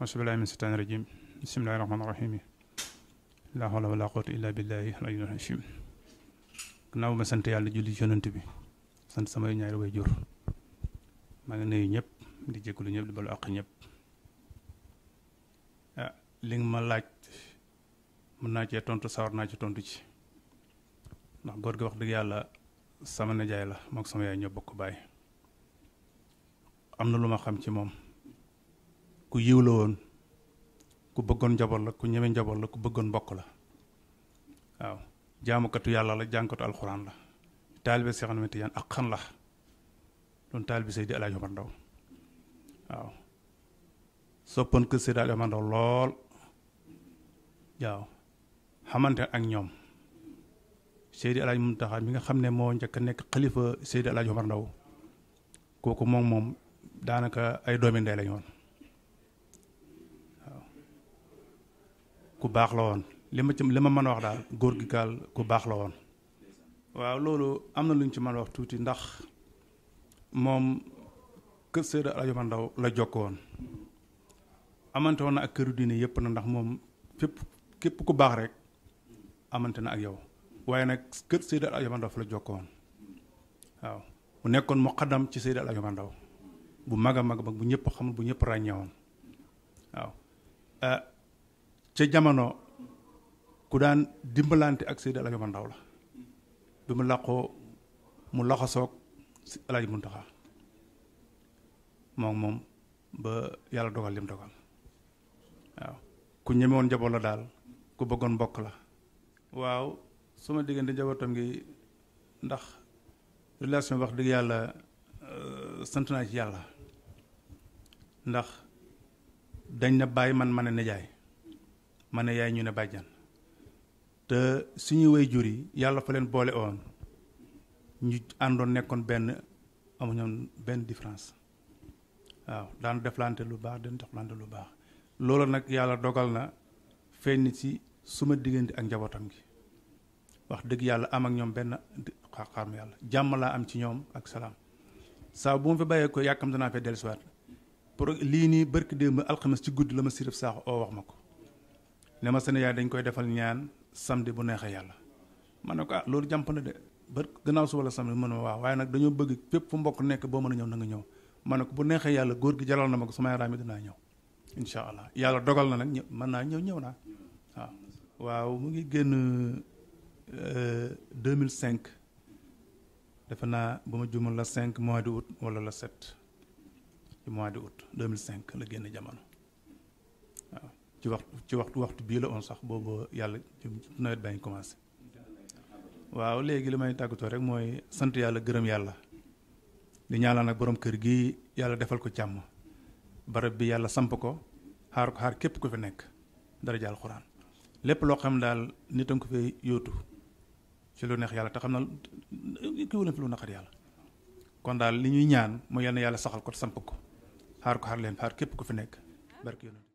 auzu billaahi mina sheytaani rajiim bismillaahi rahmaani rahiim laa hawla wa laa quwwata illaa billaahi al-aliyyil aziim gannaaw ma sant yàlla julli ci bi sant sama ñaari way jur maa ngi nuyu ñëpp di jégalu ñëpp di balu àq ñëpp ah li ma laaj mën naa cee tontu sawar naa ci tontu ci ndax góor gi wax dëgg yàlla sama nijaay la mook sama yaay ñoo bokk baay am na lu ma xam ci moom ku yiw la woon ku bëggoon njaboot la ku ñeme njaboot la ku bëggoon mbokk la waaw jaamukatu yàlla la jànkatu alxuraan la taalibe Seex Ahmed Tijaan ak xan la Ndaw waaw soppoon kër Seydi Alaaji Omar Ndaw lool waaw xamante ak ñoom Seydi Alaaji Muntaxa mi nga xam ne moo njëkk a nekk xalifa Seydi Alaaji Omar Ndaw kooku moom moom daanaka ay doomi ndey lañu ku baax la woon li ma ci li ma mën a wax daal góor gi gaal ku baax la woon waaw loolu am na lu ñu ci mën a wax tuuti ndax moom kër Seydi El Hadji Omar la jokk woon amante woon na ak këru yëpp ndax moom fépp képp ku baax rek amante na ak yow waaye nag kër Seydi El Hadji Omar Ndao la jokk woon waaw mu nekkoon muqaddam ci Seydi El Hadji ndaw bu mag a mag bu ñëpp xam bu ñëpp ràññeewoon waaw eh, ca jamono ku daan dimbalante ak Seydi Alaaji Omar Ndaw la bi mu làqoo mu laxasoog si Alaaji Muntaxa moom moom ba yàlla dogal lim dogal waaw ku ñemewoon njaboot la daal ku bëggoon mbokk la waaw sama diggante njabootam gi ndax relation wax dëgg yàlla euh, sant ci yàlla ndax dañ na bàyyi man ma a nijaay ma ne yaay ñu ne bàjjan te suñu way jur yi yàlla fa leen boole woon ñu àndoon nekkoon benn amuñoon benn différence waaw daan deflante lu baax daan deflante lu baax loolu nag yàlla dogal na feeñ ci suma diggante ak njabootam gi wax dëgg yàlla am ak ñoom benn xaaxaam yàlla jàmm laa am ci ñoom ak salaam saa bu ma fi bàyyee ko yàkkamte naa fee dellusiwaat pour lii nii barki démb alxames ci guddi la ma sirif saaxu oo wax ma ko ne ma seen dañ koy defal ñaan samedi bu neexee yàlla ma na ko ah loolu jàmp na de ba gannaaw suba la ma mën ma waaw waaye nag dañoo bëgg fépp fu mbokk nekk boo mën a ñëw na nga ñëw ma ne ko bu neexee yàlla góor gi jaral na ma ko sama yaram mi dinaa ñëw incha allah yàlla dogal na nag ñëw man naa ñëw ñëw naa waaw. mu ngi génn euh, mille cinq defe naa bu ma jumal la 5 mois de août wala la 7 mois de août 2005 la génn jamono. ci waxtu waxtu waxtu bii la on sax boobu yàlla nawet baa ngi waaw léegi li may tàggatoo rek mooy sant yàlla gërëm yàlla di ñaanal nag boroom kër gi yàlla defal ko càmm barab bi yàlla samp ko xaar ko xaar képp ku fi nekk dara jaal lépp loo xam daal nit a ko fee yootu ci lu neex yàlla te xam na kii fi lu naqar yàlla kon daal li ñuy ñaan moo yal yàlla saxal ko samp ko xaar ko xaar leen xaar képp ku fi nekk barke